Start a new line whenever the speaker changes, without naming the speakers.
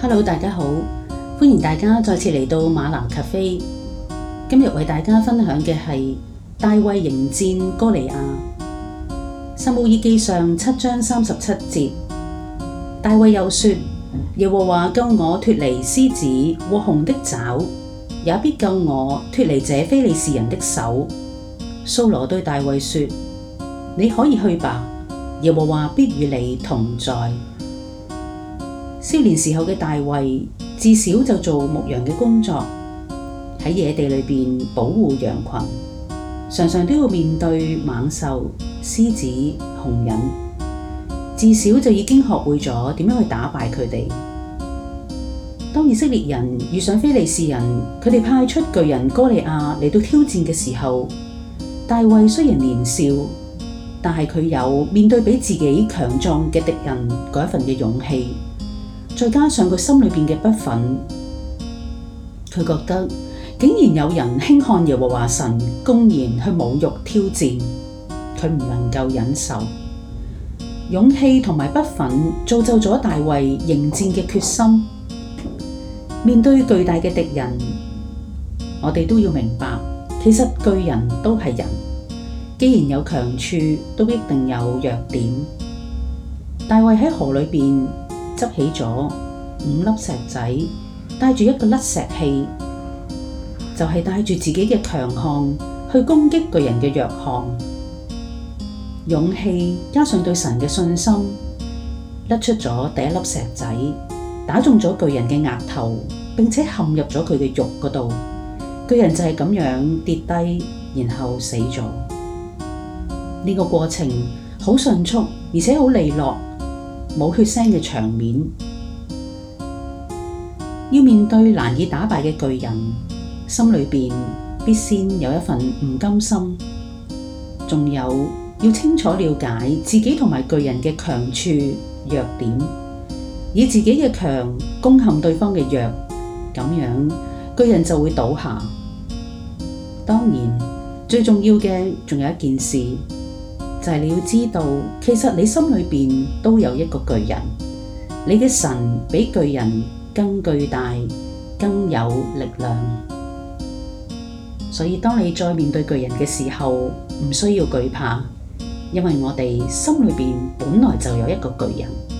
Hello，大家好，歡迎大家再次嚟到馬蘭咖啡。今日為大家分享嘅係大衛迎戰歌利亞。撒母耳記上七章三十七節，大衛又說：耶和華救我脱離獅子和熊的爪，也必救我脱離這非利士人的手。掃羅對大衛說：你可以去吧，耶和華必與你同在。少年時候嘅大衛，自小就做牧羊嘅工作，喺野地裏面保護羊群，常常都要面對猛獸獅子、熊人，自小就已經學會咗點樣去打敗佢哋。當以色列人遇上非利士人，佢哋派出巨人哥利亞嚟到挑戰嘅時候，大衛雖然年少，但係佢有面對比自己強壯嘅敵人嗰一份嘅勇氣。再加上佢心裏邊嘅不忿，佢覺得竟然有人輕看耶和華神，公然去侮辱挑戰，佢唔能夠忍受。勇氣同埋不忿造就咗大衛迎戰嘅決心。面對巨大嘅敵人，我哋都要明白，其實巨人都係人，既然有強處，都一定有弱點。大衛喺河裏面。執起咗五粒石仔，帶住一個甩石器，就係、是、帶住自己嘅強項去攻擊巨人嘅弱項。勇氣加上對神嘅信心，甩出咗第一粒石仔，打中咗巨人嘅額頭，並且陷入咗佢嘅肉嗰度。巨人就係咁樣跌低，然後死咗。呢、這個過程好迅速，而且好利落。冇血腥嘅場面，要面對難以打敗嘅巨人，心裏邊必先有一份唔甘心，仲有要清楚了解自己同埋巨人嘅強處弱點，以自己嘅強攻陷對方嘅弱，咁樣巨人就會倒下。當然，最重要嘅仲有一件事。就係你要知道，其實你心裏邊都有一個巨人，你嘅神比巨人更巨大，更有力量。所以當你再面對巨人嘅時候，唔需要懼怕，因為我哋心裏邊本來就有一個巨人。